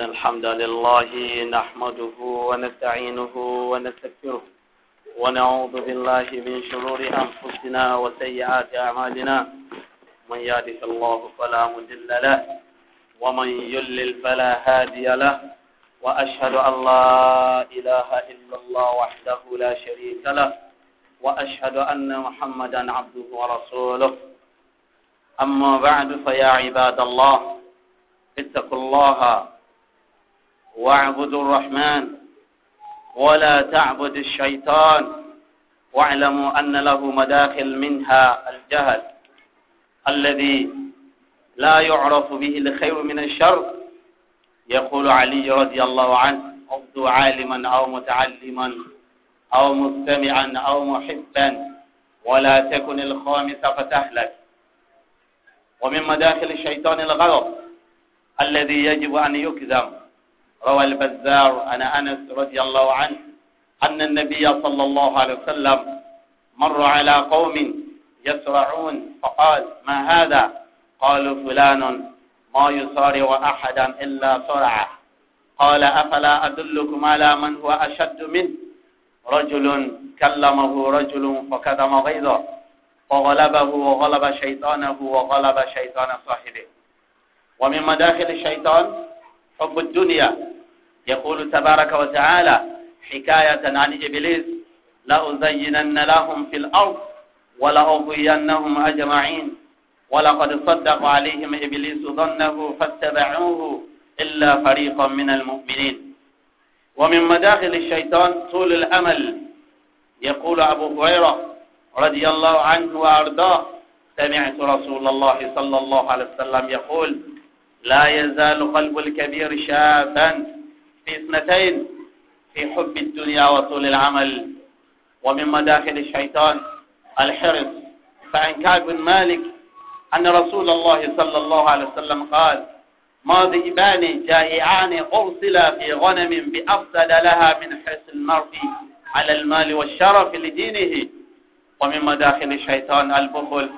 إن الحمد لله نحمده ونستعينه ونستغفره ونعوذ بالله من شرور أنفسنا وسيئات أعمالنا من يهده الله فلا مضل له ومن يضلل فلا هادي له وأشهد أن لا إله إلا الله وحده لا شريك له وأشهد أن محمدا عبده ورسوله أما بعد فيا عباد الله اتقوا الله واعبد الرحمن ولا تعبد الشيطان واعلموا أن له مداخل منها الجهل الذي لا يعرف به الخير من الشر يقول علي رضي الله عنه عبد عالما أو متعلما أو مستمعا أو محبا ولا تكن الخامس فتهلك ومن مداخل الشيطان الغرب الذي يجب أن يكذب روى البزار عن أنس رضي الله عنه أن النبي صلى الله عليه وسلم مر على قوم يسرعون فقال ما هذا قالوا فلان ما يصارع أحدا إلا صرعه قال أفلا أدلكم على من هو أشد منه رجل كلمه رجل فكتم غيظه فغلبه وغلب شيطانه وغلب شيطان صاحبه ومن مداخل الشيطان حب الدنيا يقول تبارك وتعالى حكاية عن إبليس لأزينن لهم في الأرض ولأغوينهم أجمعين ولقد صدق عليهم إبليس ظنه فاتبعوه إلا فريقا من المؤمنين ومن مداخل الشيطان طول الأمل يقول أبو هريرة رضي الله عنه وأرضاه سمعت رسول الله صلى الله عليه وسلم يقول لا يزال قلب الكبير شابا في اثنتين في حب الدنيا وطول العمل ومن مداخل الشيطان الحرص فعن كعب بن مالك أن رسول الله صلى الله عليه وسلم قال ما ذئبان جائعان أرسلا في غنم بأفسد لها من حرص المرء على المال والشرف لدينه ومن مداخل الشيطان البخل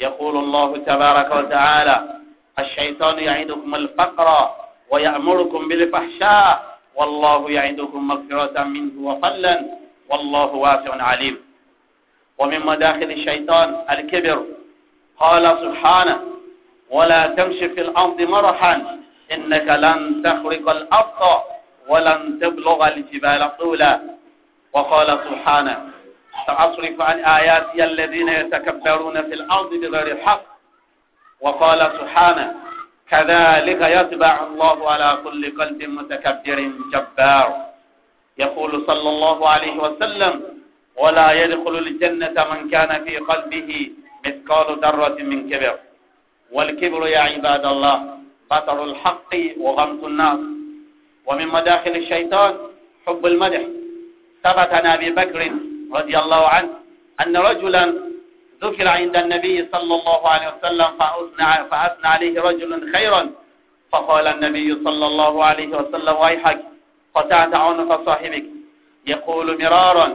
يقول الله تبارك وتعالى الشيطان يعدكم الفقر ويأمركم بالفحشاء والله يعدكم مغفرة منه وفلا والله واسع عليم ومن مداخل الشيطان الكبر قال سبحانه ولا تمش في الأرض مرحا إنك لن تخرق الأرض ولن تبلغ الجبال طولا وقال سبحانه سأصرف عن آياتي الذين يتكبرون في الأرض بغير حق وقال سبحانه كذلك يتبع الله على كل قلب متكبر جبار يقول صلى الله عليه وسلم ولا يدخل الجنة من كان في قلبه مثقال ذرة من كبر والكبر يا عباد الله بطر الحق وغمط الناس ومن مداخل الشيطان حب المدح ثبت عن أبي بكر رضي الله عنه أن رجلا ذكر عند النبي صلى الله عليه وسلم فأثنى, عليه رجل خيرا فقال النبي صلى الله عليه وسلم ويحك قطعت عنق صاحبك يقول مرارا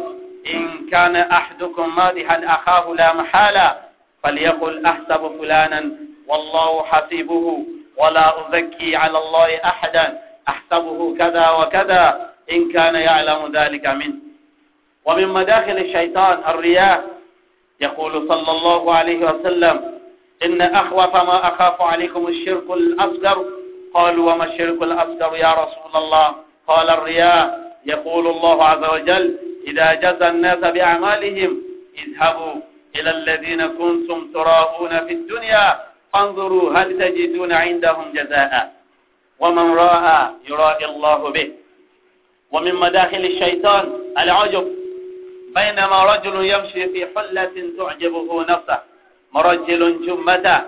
إن كان أحدكم مادحا أخاه لا محالة فليقل أحسب فلانا والله حسيبه ولا أذكي على الله أحدا أحسبه كذا وكذا إن كان يعلم ذلك منه ومن مداخل الشيطان الرياء يقول صلى الله عليه وسلم إن أخوف ما أخاف عليكم الشرك الأصغر قالوا وما الشرك الأصغر يا رسول الله قال الرياء يقول الله عز وجل إذا جزى الناس بأعمالهم اذهبوا إلى الذين كنتم تراؤون في الدنيا فانظروا هل تجدون عندهم جزاء ومن راى يرائي الله به ومن مداخل الشيطان العجب بينما رجل يمشي في حلة تعجبه نفسه مرجل جمته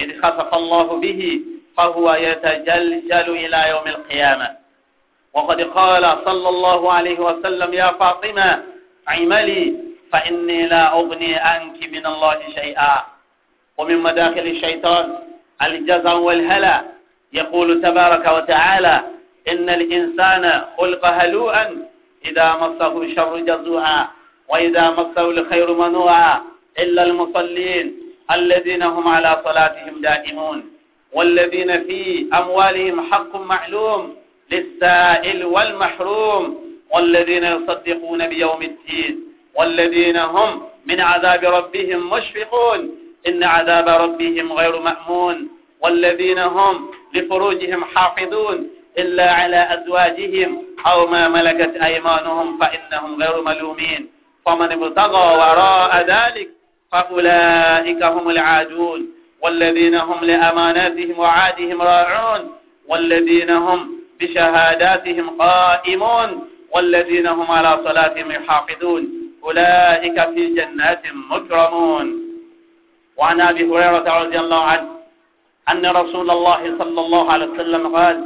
إذ خصف الله به فهو يتجلجل إلى يوم القيامة وقد قال صلى الله عليه وسلم يا فاطمة عملي فإني لا أغني عنك من الله شيئا ومن مداخل الشيطان الجزع والهلع يقول تبارك وتعالى إن الإنسان خلق هلوءا إذا مسه شر جزوعا وإذا مسوا الخير منوعا إلا المصلين الذين هم على صلاتهم دائمون والذين في أموالهم حق معلوم للسائل والمحروم والذين يصدقون بيوم الدين والذين هم من عذاب ربهم مشفقون إن عذاب ربهم غير مأمون والذين هم لفروجهم حافظون إلا على أزواجهم أو ما ملكت أيمانهم فإنهم غير ملومين فمن ابتغى وراء ذلك فأولئك هم العادون والذين هم لأماناتهم وعادهم راعون والذين هم بشهاداتهم قائمون والذين هم على صلاتهم يحافظون أولئك في جنات مكرمون وعن أبي هريرة رضي الله عنه أن رسول الله صلى الله عليه وسلم قال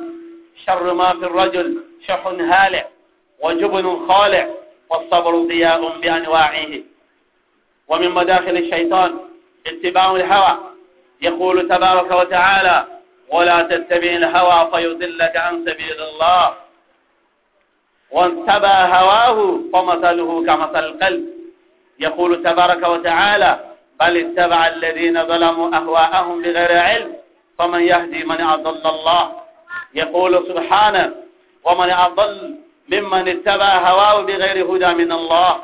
شر ما في الرجل شح هالع وجبن خالع والصبر ضياء بأنواعه ومن مداخل الشيطان اتباع الهوى يقول تبارك وتعالى ولا تتبع الهوى فيضلك عن سبيل الله وانتبى هواه فمثله كمثل القلب يقول تبارك وتعالى بل اتبع الذين ظلموا أهواءهم بغير علم فمن يهدي من أضل الله يقول سبحانه ومن أضل ممن اتبع هواه بغير هدى من الله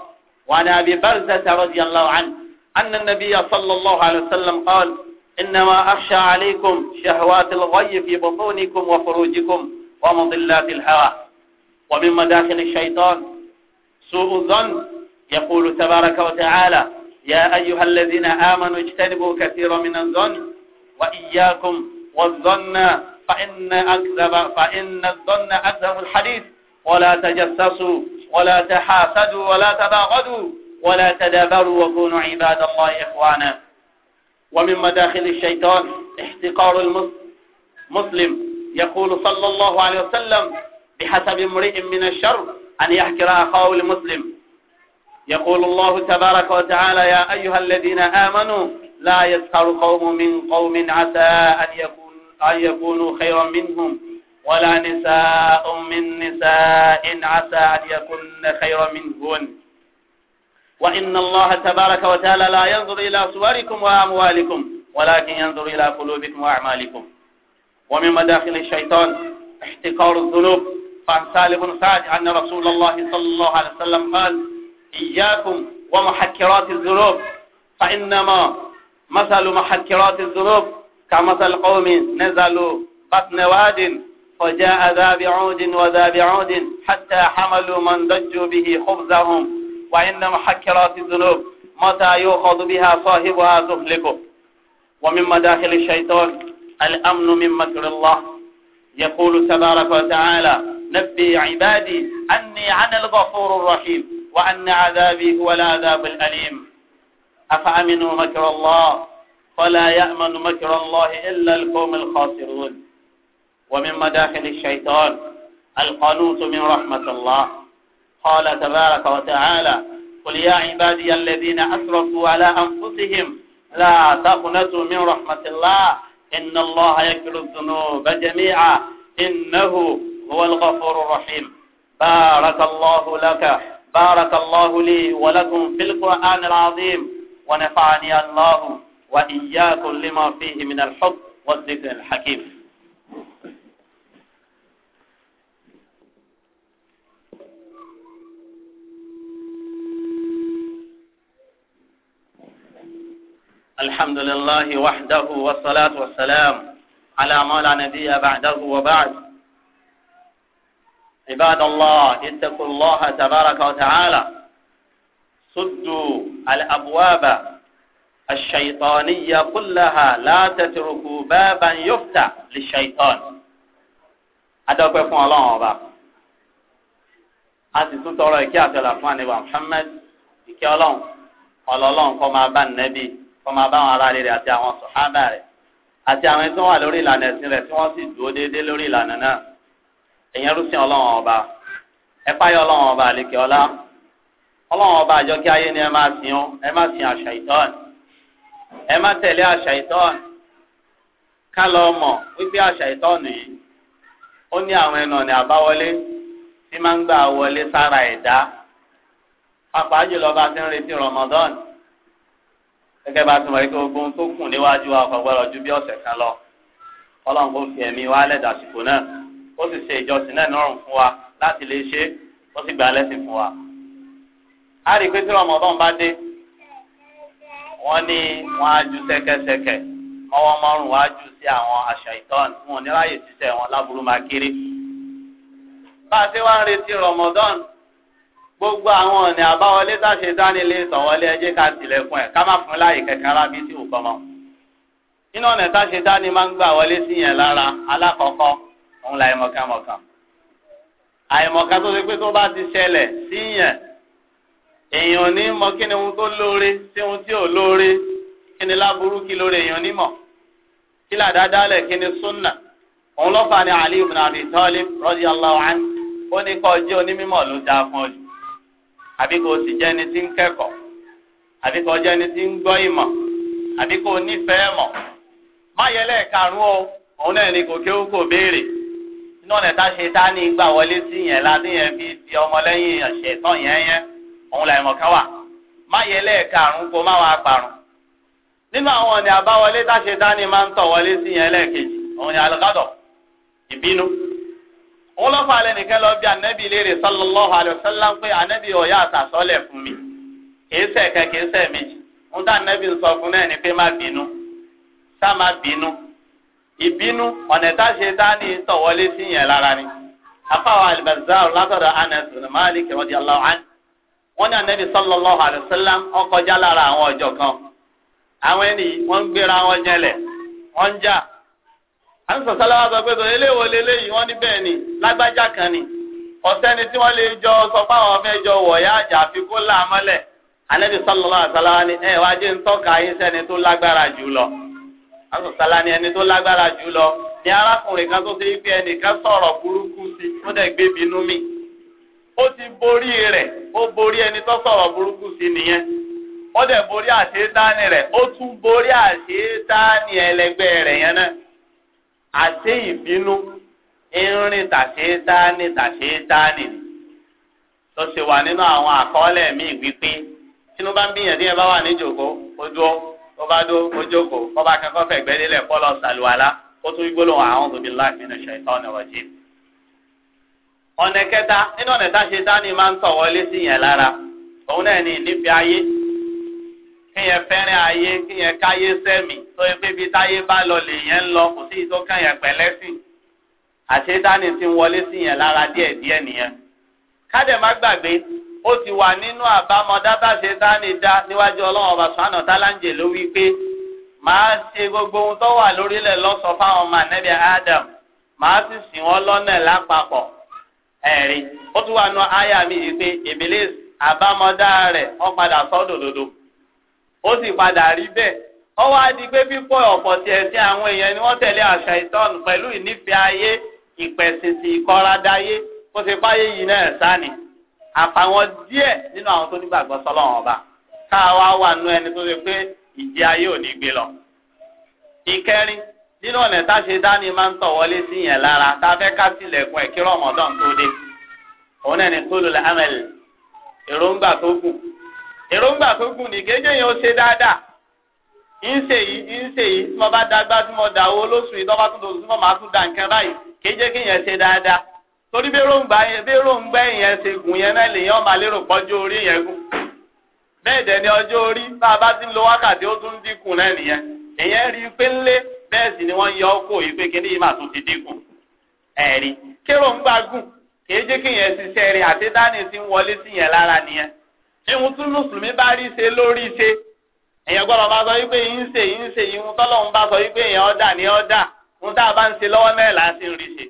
وعن أبي برزة رضي الله عنه أن النبي صلى الله عليه وسلم قال إنما أخشى عليكم شهوات الغي في بطونكم وفروجكم ومضلات الهوى ومن مداخل الشيطان سوء الظن يقول تبارك وتعالى يا أيها الذين آمنوا اجتنبوا كثيرا من الظن وإياكم والظن فإن أكذب فإن الظن أكذب الحديث ولا تجسسوا ولا تحاسدوا ولا تباغضوا ولا تدابروا وكونوا عباد الله إخوانا ومن مداخل الشيطان احتقار المسلم يقول صلى الله عليه وسلم بحسب امرئ من الشر أن يحكر أخاه المسلم يقول الله تبارك وتعالى يا أيها الذين آمنوا لا يسخر قوم من قوم عسى أن, أن يكونوا خيرا منهم ولا نساء من نساء عسى أن يكن خيرا منهن وإن الله تبارك وتعالى لا ينظر إلى صوركم وأموالكم ولكن ينظر إلى قلوبكم وأعمالكم ومن مداخل الشيطان احتقار الذنوب فعن سالم بن سعد أن رسول الله صلى الله عليه وسلم قال إياكم ومحكرات الذنوب فإنما مثل محكرات الذنوب كمثل قوم نزلوا بطن واد فجاء ذا بعود وذا بعود حتى حملوا من دجوا به خبزهم وإن محكرات الذنوب متى يؤخذ بها صاحبها تهلكه ومن مداخل الشيطان الأمن من مكر الله يقول تبارك وتعالى نبي عبادي أني أنا الغفور الرحيم وأن عذابي هو العذاب الأليم أفأمنوا مكر الله فلا يأمن مكر الله إلا القوم الخاسرون ومن مداخل الشيطان القنوط من رحمة الله قال تبارك وتعالى قل يا عبادي الذين أسرفوا على أنفسهم لا تقنطوا من رحمة الله إن الله يكفر الذنوب جميعا إنه هو الغفور الرحيم بارك الله لك بارك الله لي ولكم في القرآن العظيم ونفعني الله وإياكم لما فيه من الحب والذكر الحكيم الحمد لله وحده والصلاة والسلام على ما لا نبي بعده وبعد عباد الله اتقوا الله تبارك وتعالى سدوا الأبواب الشيطانية كلها لا تتركوا بابا يفتح للشيطان adọ́pẹ́ fún ọlọ́run ọba a sì tún محمد ìkí àtẹlà fún àníbà Muhammad ìkí kó máa bá àwọn ará rẹ̀ àti àwọn sọ̀hábà rẹ̀ àti àwọn ẹni tó wà lórí ìlànà ẹ̀sìn rẹ̀ tí wọ́n sì dúró déédéé lórí ìlànà náà èèyàn rúṣin ọlọ́run ọba ẹ páyọ ọlọ́run ọba àlèkè ọlá ọlọ́run ọba àjọ kí ayé ni ẹ máa sìn ó ẹ má sìn àṣà ìtọ́n ẹ má tẹ̀lé àṣà ìtọ́n ká lọ mọ̀ wípé àṣà ìtọ́n yìí ó ní àwọn ẹnu ọ̀nà àbáwọlé tí máa ń gbà wọlé sára ẹ̀dá pàápàá jùlọ bá ti ń retí Ramadan gẹ́gẹ́ bá tún wọ̀ pé gbogbo ohun tó kù níwájú wa kò gbọ́dọ̀ ju bí ọ̀sẹ̀ kan lọ ọlọ́run kò fi ẹ̀mí wa lẹ́dà àsìkò náà ó sì ṣe ìjọsìn náà nọ́rùn fún wa láti lè ṣe ó sì gbà lẹ́sìn fún wa. a rí i pé tí Ramadan bá dé wọ́n ní wọ́n á ju sẹ́kẹ́sẹ́kẹ́ mọ́wọ́ mọ́rùn wá jù sí àwọn àṣà ìtọ́n fún wọn níláyè ṣiṣẹ́ wọn láburú máa kéré. bá a ṣe wá ń retí Ramadan gbogbo àwọn ọ̀nà àbáwọlé táṣe dánilé sọ̀wọ́lé ẹjẹ́ ká tilẹ̀kùn ẹ̀ ká má fún láyè kankan rábí tí ò kọ́mọ. nínú ọ̀nà táṣe dání máa ń gbà wọlé sí yẹn lára alákọ̀ọ́kọ́ òun la ìmọ̀kànmọ̀kàn. àìmọ̀kan tó ṣe pé tó bá ti ṣẹlẹ̀ sí yẹn èèyàn ní mọ kí ni ohun tó lóore sí ohun tí ò lóore kí ni láburú kí lóore èèyàn ní mọ̀ kí làdádálẹ̀ kí ni súnà òun lọ́fà ni Ali ibn Abi Talib radiyallahu anhu ó ní kọjú onímọ̀ ló dáa fún ọjọ́ àbí kò sì jẹ́ ẹni tí ń kẹ́kọ̀ọ́ àbí kò jẹ́ ẹni tí ń gbọ́ ìmọ̀ àbí kò nífẹ̀ẹ́ mọ̀ má yẹ lẹ́ẹ̀karùn o òun náà ni kò kéwú kò béèrè inú ọ̀nà tá a ṣe tá a ní gbà wọlé sí yẹn la ní yẹn fi di ọmọlẹ́yìn ọ̀sẹ̀ tán yẹn yẹn òun là ìmọ̀ kan wà má yẹ lẹ́ẹ̀karùn-ún má wàá parun nínú àwọn ọ̀nà àbáwọlé tá a ṣe tá a ní máa ń tọ̀ wọlé sí yẹn lẹ́ẹ̀kejì òun ni alùpàdọ̀ ìbínú wọn lọ fọ alẹ nìkan lọ bí anabi léèrè sallallahu alayhi wa sallam pé anabi ọ̀yà àtàsọ́lẹ̀ fún mi kìí ṣe kìí ṣe méjì ń dá anabi sọ fún náà pé má bínú sá má bínú ìbínú ọ̀nà tá a ṣe ní tọ̀wọ́lé sí yẹn lára ni afáwọ alibazar látọ̀dọ̀ anas bin malik radiyallahu anhu wọn ní anabi sallallahu alayhi wa sallam àǹsọ̀sálà wa sọ pé sọ eléwo leléyìí wọ́n ní bẹ́ẹ̀ ni lágbájá kan ni ọ̀sẹ́ni tí wọ́n jọ sọ pé àwọn fẹ́ jọ wọ̀ọ́yá àjà àfikún làmọ́lẹ̀ anabi sallallahu ni ẹ wá jẹ́ ntọ́ka yín sẹ́ni tó lágbára jù lọ àǹsọ̀sálà ni ẹni tó lágbára jù lọ ni arákùnrin kan tó ṣe é sọ̀rọ̀ burúkú sí dẹ̀ gbé mi ó ti borí rẹ̀ ó borí ẹni àti ìbínú irin tàṣetáni tàṣetáni tó ṣe wà nínú àwọn àkọọ́lẹ̀ míì wípé tínú bá ń bíyàn díẹ̀ bá wà níjòkó ojú ó bá dó ojókòó ọba akẹ́kọ̀ọ́ fẹ̀gbẹ́ nílẹ̀ pọ́lọ́ sàlùwàlá ó tún gbólóhùn àwọn òbí láàfin ẹ̀ṣọ́ ìtọ́ ọ̀nà ọ̀jẹ̀. ọ̀nà kẹta nínú ọ̀nà táṣetáni máa ń tọ̀ wọlé sí yẹn lára òun náà ní ìnífẹ̀ẹ́ ayé kíyẹn fẹ́ràn ayé kíyẹn káyé sẹ́mi tó yẹ pé bí táyé bá lọ lèyẹn ń lọ kò sí ìtọ́ kàyẹn pẹ̀lẹ́sìn àṣetánì ti ń wọlé sí yẹn lára díẹ̀ díẹ̀ nìyẹn. kádẹ̀ má gbàgbé ó ti wà nínú àbámọ̀dá bá ṣetánì dá níwájú ọlọ́run ọba sùnánà táláńjẹ ló wí pé màá ṣe gbogbo ohun tó wà lórílẹ̀ lọ́sọ̀ fáwọn ọmọ ànẹ́bí Adam màá sì sìn wọ́n lọ́nà lápapọ̀ ẹ̀rí ó tún wà nù áyà mi yìí pé ó sì padà rí bẹ́ẹ̀ ó wá di pé pípọ̀ ọ̀pọ̀ ti ẹ̀sìn àwọn èèyàn ni wọ́n tẹ̀lé àṣà ìtọ́nù pẹ̀lú ìnífẹ̀ẹ́ ayé ìpẹ̀sìntì ìkọ́radáyé kó ṣe báyé yìí náà sáni àfàwọn díẹ̀ nínú àwọn tó nígbàgbọ́ sọlọ́run ọba káwa wà nú ẹni tó ṣe pé ìjẹ ayé ò ní gbé lọ. ìkẹrin nínú ọ̀nà táṣe dání máa ń tọ̀ wọlé sí yẹn lára tá a fẹ́ ká tilẹ̀kùn ẹ̀ kí rọ̀mọ́dọ́n tó dé òun náà ní kúlù lámẹ́lì èròǹgbà tó kù èròǹgbà tó gùn ní kéjé yẹn ó ṣe dáadáa ń ṣe yìí ń ṣe yìí tí mo bá dágbá tí mo dà owó lóṣù yìí tọ́ba tó dòṣù tí mo máa tún da nǹkan báyìí kéjé kí yẹn ṣe dáadáa torí bí èròǹgbà yẹn bí èròǹgbà yẹn ṣe gùn yẹn náà lèyàn ọmọ alérò pọ́jọ́ orí yẹn gùn bẹ́ẹ̀ dẹ̀ ni ọjọ́ orí bá a bá ti ń lo wákàtí ó tún dínkù náà nìyẹn èyàn rí i pé ńlé bẹ́ẹ̀ sì ni wọ́n yọ ọ́ kó yìí pé kíní yìí mà tún ti dínkù ẹ̀rí kéròǹgbà gùn kéjé kí yẹn ṣiṣẹ́ àti dání ti ń wọlé sí yẹn lára nìyẹn ìhun tún mùsùlùmí bá rí ṣe lórí ṣe èèyàn gbọ́dọ̀ bá sọ wípé yín ṣe yín ṣe ìhun tọ́lọ́hún bá sọ wípé èèyàn ọ̀dà ni ọ̀dà ń tá a bá ń ṣe lọ́wọ́ náà là á sì ń rí ṣe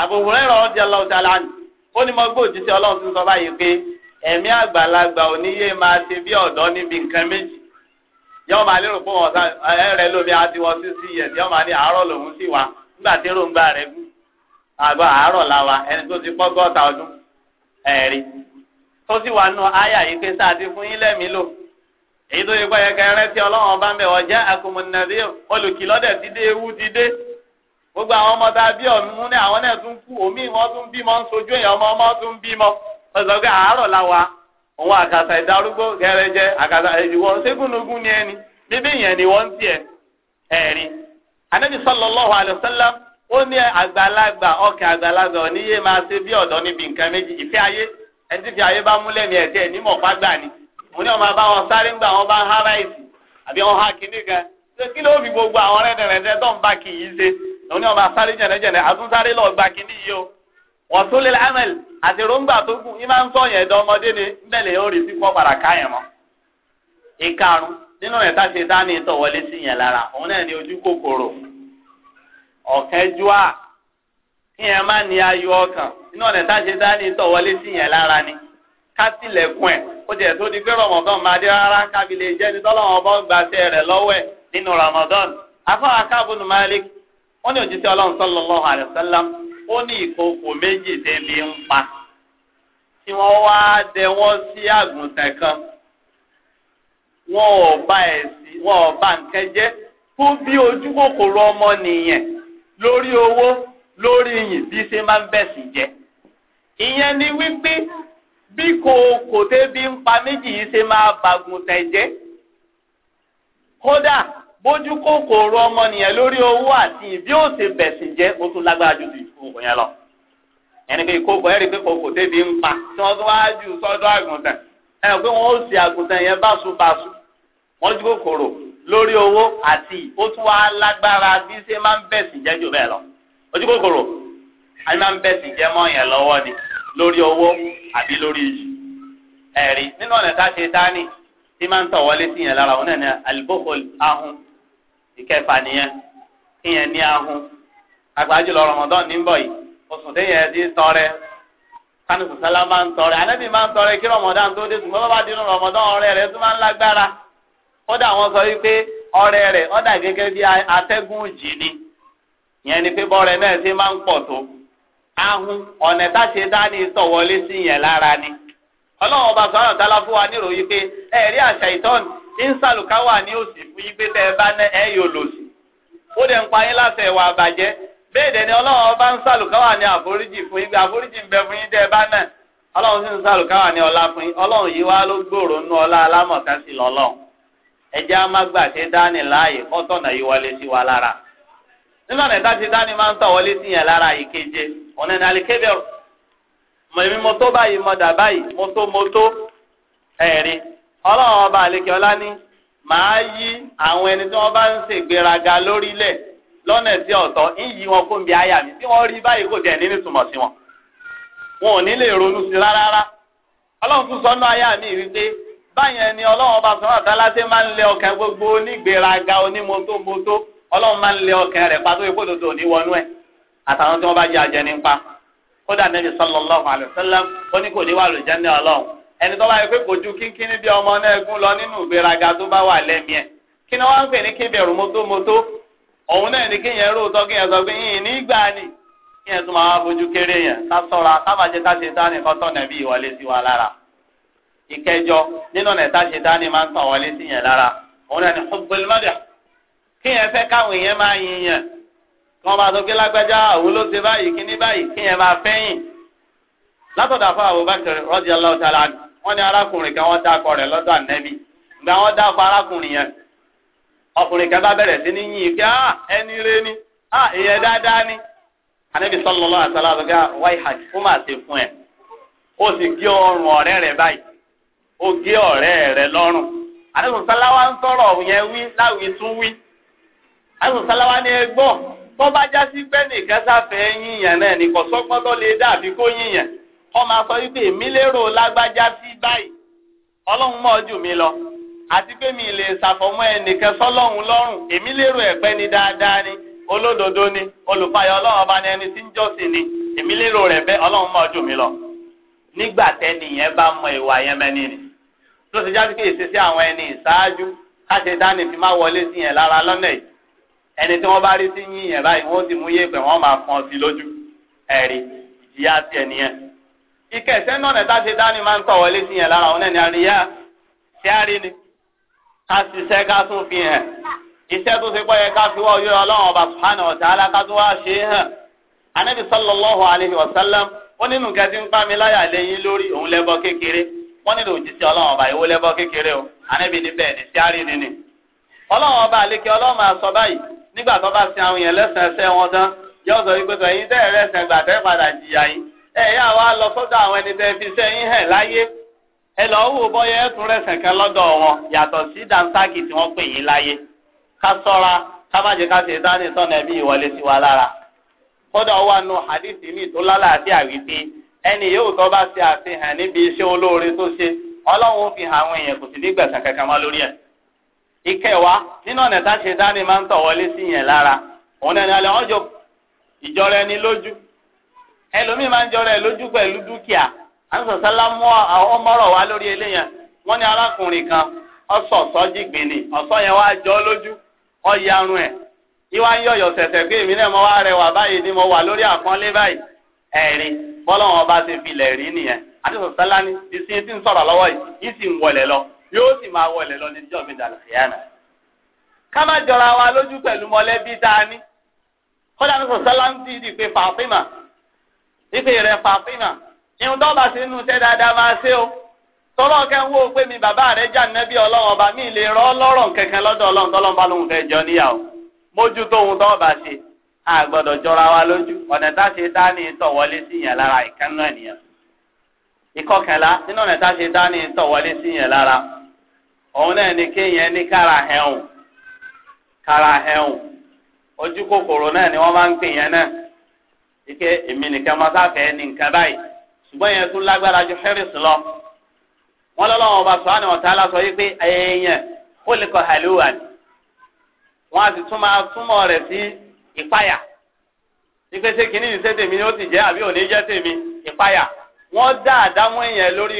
àbòwò rẹ̀ rọ̀ jẹ́ lọ́ọ́ dala ni ó ní mo gbọ́ òjíṣẹ́ ọlọ́run tún sọ báyìí pé ẹ̀mí àgbàlagbà oníyé máa ṣe bí ọ̀dọ́ níbi nǹkan méjì yọ́n la wa ẹni tó ti pọ́ tó sì wà nù àyà yìí pé sáà ti fún yín lẹ́mìí lò èyí tó yẹ kó ẹ̀ka ẹrẹ́ tí ọlọ́run ọba ń bẹ̀ wọ́n jẹ́ àkùmọ̀nàdé olùkìlọ́dẹ̀ ti dé ewu ti dé gbogbo àwọn ọmọ tá a bí ọ̀mú ní àwọn náà tún kú omi wọn tún bímọ ń sojú èèyàn ọmọ ọmọ tún bímọ ọ̀sọ̀ pé àárọ̀ la wa òun àkàtà ìdarúgbó gẹrẹjẹ àkàtà ìwọ ṣégúnugún ni ẹni bíbí yẹn ni wọ́n ń tiẹ̀ ẹ̀rí. Ànábì sallallahu alaihi wasallam ó ní àgbàlagbà ọkàn àgbàlagbà ò ní yé máa ṣe bí ọ̀dọ́ níbi nǹkan méjì ìfẹ́ ayé ẹni tí fi àyè bá múlẹ̀ mi ẹ̀tẹ́ nímọ̀ pàgbà ni mo ní ọmọ bá wọn sáré ńgbà wọn bá ń há ráìsì àbí wọn há kinní kan ṣé kí ló gbogbo àwọn rẹ́dẹ̀rẹ́dẹ́ tó ń bá kì í ṣe mo ní ọmọ sáré jẹ̀nẹ́jẹ̀nẹ́ lọ gba o wọ́n tó lé lámẹ́lì àti ròǹgbà tó kù ní máa ń sọ yẹn ni ńbẹ̀lẹ̀ yóò rí sí pọ́ padà káyẹ̀ mọ́. ìkarùn nínú ẹ̀ tá ṣe dání ìyẹn má ní ayọ̀ ọkàn inú ọ̀nà tá a dání tọ̀wọ́lé sí yẹn lára ni ká tilẹ̀kùn ẹ̀ ó jẹ́ tó di pé rọ̀mọ̀dán máa dé rárá kábi lè jẹ́ ní tọ́lọ́wọ́n bọ́ rẹ̀ lọ́wọ́ ẹ̀ nínú rọ̀mọ̀dán afọ́ akábùnú Malik wọ́n ní ọlọ́run ó ní méjì lórí yìn bí ṣe máa ń bẹ̀sìn jẹ́ ìyẹn ni wípé bí kò kò débi ń pa méjì yìí ṣe máa bàgùntàn jẹ́ kódà bójú kòkòrò ọmọnìyàn lórí owó àti ìbí ó ṣe bẹ̀sìn jẹ́ ó tún lágbára ju ti ìkókò yẹn lọ ẹni pé ìkókò ẹ̀rí pé kòkò débi ń pa tí wọ́n tún wá jù sọ́dọ̀ àgùntàn ẹ̀ pé wọ́n ó ṣe àgùntàn yẹn báṣubàṣu wọ́n ju kòkòrò lórí owó àti ó tún wá lágbára bí ṣe máa ń bẹ̀sìn jẹ́ jù bẹ́ẹ̀ lọ ojú kòkòrò a máa ń bẹ̀sìn jẹ́ mọ́ yẹn lọ́wọ́ ni lórí owó àbí lórí iyì ẹ̀rí nínú ọ̀nà tá a ṣe dání tí máa ń tọ̀ wọlé sí yẹn lára òun náà ni alibókòlì ahun ìkẹfà nìyẹn kíyẹn ní ahun agbájú lọ rọmọdán ní bọ̀ yìí oṣù téyẹ ti tọrẹ kánìkù sálá máa ń tọrẹ ànábì máa ń tọrẹ kí rọmọdán tó dé ṣùgbọ́n bàbá dínú rọmọdán ọrẹ rẹ tó máa ń lágbára kódà wọn sọ wípé ọrẹ rẹ ọdà gẹ́gẹ́ bí atẹ́gùn jì ni. yẹn ni pé bọ́ọ̀rẹ́ náà ṣe máa ń pọ̀ tó ahun ọ̀nà táṣe dání sí yẹn lára ni ọlọ́run ọba sọ̀rọ̀ tálá fún wa níròyìn pé àṣà ìtọ́ni ìnsàlùkà wà ní òsì fún yín pé tẹ́ ẹ bá ná ẹ yóò lò sí ó dẹ̀ ń pa yín ni ọba ń wà ní àforíjì fún yín bá ń sàlùkà fún nígbà ẹ̀dá ti dání máa ń tọ̀ lára ìkeje ọ̀nà ìdálẹ́ kébẹ̀rù mọ̀lẹ́mí mo tó báyìí mo dà báyìí mo tó mo tó ẹ̀rí ọlọ́run ọba àlekè ọlá ní màá yí àwọn ẹni tí wọ́n bá ń ṣègbéraga lórílẹ̀ lọ́nà tí ọ̀tọ̀ ń yí wọn mi tí wọ́n rí báyìí kò jẹ́ nínú ìtumọ̀ sí wọn ò ní lè sí rárá ọlọ́run máa ń lé ọkàn rẹ̀ pa tó yẹ kó dodo ní wọnú ẹ̀ àtàwọn tí wọ́n bá jẹ àjẹ nípa kódà nẹ́bí sallallahu alaihi wasallam ó ní kò ní wà lójẹ́ ní ọlọ́run ẹni tó bá yẹ pé kò ju kínkínní bí ọmọ náà gún lọ nínú ìgbéraga tó bá wà lẹ́mí ẹ̀ kí ni wọ́n ń pè ní kí bẹ̀rù mótómótó òun náà ní kí yẹn róòtọ́ kí yẹn sọ pé yìnyín nígbà ni kí yẹn tún máa fojú kéré yẹn ká sọ̀ra ká jẹ́ ká ṣe tán nìkan tán ìwọlé sí wa lára ìkẹjọ nínú nẹ̀ta ṣe tán máa ń tàn wọlé sí yẹn lára òun náà ní hubbul kí yẹn fẹ́ káwọn èèyàn máa yin yàn kí wọ́n máa sọ pé lágbájá ló ṣe báyìí kí ní báyìí kí yẹn máa fẹ́yìn. látọ̀dọ̀ àfọ Abubakar ní arákùnrin kan wọ́n dákọ rẹ̀ lọ́dọ̀ ànẹ́bí ìgbà dákọ arákùnrin yẹn ọkùnrin kan bá bẹ̀rẹ̀ sí ní yìn ah, ẹni ni èèyàn ah, dáadáa ni ànẹ́bí sallallahu wáyé ah, fún àṣọ̀sáláwá ni ẹ gbọ́ tó bá já sí pé nìkan sáfẹ́ yíyan náà ní kò sọ́gbọ́n tó lè dàbí kó yíyan kọ́ máa sọ wípé èmi lérò lágbájá sí báyìí ọlọ́run mọ̀ jù mí lọ àti pé mi lè ṣàfọ̀mọ́ ẹnìkan sọ́lọ́run lọ́rùn èmi lérò ẹ̀pẹ́ ni dáadáa ni olódodo ni olùfàyà ọlọ́run ọba ni ẹni tí ń jọ́sìn ni èmi lérò rẹ̀ bẹ́ẹ̀ ọlọ́run mọ̀ jù mí lọ nígbà tẹ́nìyẹn bá mọ ìwà yẹn mẹ́ni ni tó ti jáde pé ìṣesí àwọn ẹni ìṣáájú káṣe dání fi má wọlé sí yẹn lára lọ́nà yìí ẹni tí wọ́n bá rí sí yín yẹn báyìí wọ́n sì mú yé pé wọ́n máa fọ́n sí lójú ẹ̀rí ìyá tiẹ̀ nìyẹn. ìkẹsẹ́ náà nẹ́ta ṣe dání máa ń tọ̀ wọlé sí yẹn lára òun náà ní àríyá tí a rí ni ká ṣiṣẹ́ ká tún fi hàn iṣẹ́ tó ṣe pọ́yẹ ká fi wá oyè ọlọ́run ọba subhanahu wa ta'ala ká wá ṣe é hàn. anabi sallallahu alayhi wa ó nínú nǹkan ń pa mi láyà lẹ́yìn lórí òun lẹ́bọ kékeré wọ́n nílò òjíṣẹ́ ọlọ́run ọba ìwó lẹ́bọ kékeré o anabi ní bẹ́ẹ̀ ni tí ọlọ́run ọba àlekè ọlọ́run máa sọ báyìí nígbà tó bá sin àwọn yẹn lẹ́sìn ẹsẹ̀ wọn tán yóò sọ wípé sọ yín tẹ́ẹ̀ rẹ̀sìn ẹgbà padà jìyà yín ẹ yá wa lọ sọ́dọ̀ àwọn ẹni tẹ́ fi sẹ́yìn hẹ̀ láyé ẹ lọ wò bọ́yẹ ẹ tún rẹ̀sìn kan lọ́dọ̀ wọn yàtọ̀ sí dansaki tí wọ́n pè yín láyé ká sọ́ra ká má jẹ́ ká ṣe dání sọ́nà ẹ̀mí ìwọlé sí wa lára kódà wà nù hadith mi tó lálàáfíà wípé ẹni yóò tọ́ bá ṣe àfihàn níbi iṣẹ́ olóore tó ṣe ọlọ́run fi hàn àwọn èèyàn kò sì ní gbẹ̀sán kankan mọ́ lórí ẹ̀ ìkẹwàá nínú ọ̀nà tá a ṣe dání máa ń tọ̀ wọlé sí yẹn lára òun ni alẹ́ ọjọ́ ìjọra ẹni lójú ẹlòmíì máa ń jọra ẹ lójú pẹ̀lú dúkìá àǹsọ̀sálá mú ọmọrọ̀ wá lórí eléyẹn wọ́n ní arákùnrin kan ọ̀sọ̀ọ̀sọ̀ jìgbìnì ọ̀sọ̀ yẹn wá jọ lójú arun ẹ̀ ìwà ń yọ̀yọ̀ sẹ̀sẹ̀ pé èmi náà mo wá rẹwà báyìí ni mo wà lórí báyìí yóò sì máa wọlé lọ ní ìjọba ìdàlù fìyànà. ká má jọra wa lójú pẹ̀lú mọ̀lẹ́bí tá a ní. kódà ní sọ̀sálàm ti di pé Fàtímà ìpè rẹ̀ Fàtímà ìhun tó bá sí nínú iṣẹ́ dáadáa máa ṣe o. tọ́lọ́ kẹ́ ń wó pé mi bàbá rẹ̀ jà nẹ́bí ọlọ́run ọba mi lè rọ́ lọ́rọ̀ kankan lọ́dọ̀ ọlọ́run tọ́lọ́ bá lóhun fẹ́ jọ níyàwó. mójú tóhun tó bá ṣe a gbọ́dọ̀ jọra wa lójú ọ̀nà tá a ṣe dá ní ìtọ̀ wọlé sí yẹn lára ìkànnì ènìyàn. ìkọkànlá nínú ọ̀nà tá a ṣe dá ní ìtọ̀ wọlé sí yẹn lára òun náà ni kéèyàn ní kára hẹ̀hùn ojú kòkòrò náà ni wọ́n máa ń pèèyàn náà ike èmi nìkan máa sáfẹ́ ní nǹkan báyìí ṣùgbọ́n èèyàn tún ju hẹ́rìsì lọ. wọ́n lọ́lọ́wọ́n ọba sọ́hánì ọ̀tá aláṣọ yìí pé ó lè wọ́n á sì tún máa túmọ̀ rẹ̀ sí ìpáyà ipe ṣé kínní ìṣe tèmi ó jẹ́ àbí òní jẹ́ tèmi ìpáyà wọ́n dá àdámọ́ èèyàn lórí